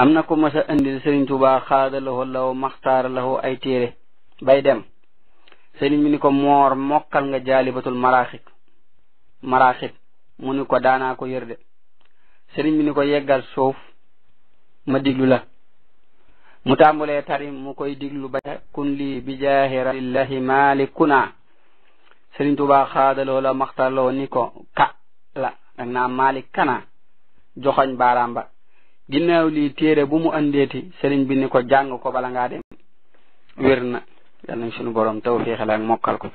am na ko mas a indil sëriñ Tuubaa xaadalawo law maxtaara lawo ay téere bay dem sëriñ bi ni ko moor mokkal nga jaalibatul maraaxib mu ni ko daanaa ko yër de sëriñ bi ni ko yeggal suuf ma diglu la mu tàmbulee tarim mu koy diglu ba kun lii bi jaahi rasulillahi maalikuna sëriñ Tuubaa xaadalawo law maxtaara lawo ni ko ka la dag naa maalik kana joxoñ baaraam ba ginnaaw lii téere bu mu andeeti sëriñ bi ni ko jàng ko bala ngaa dem wér na yal nañ taw borom tawfiixal ak mokkal ko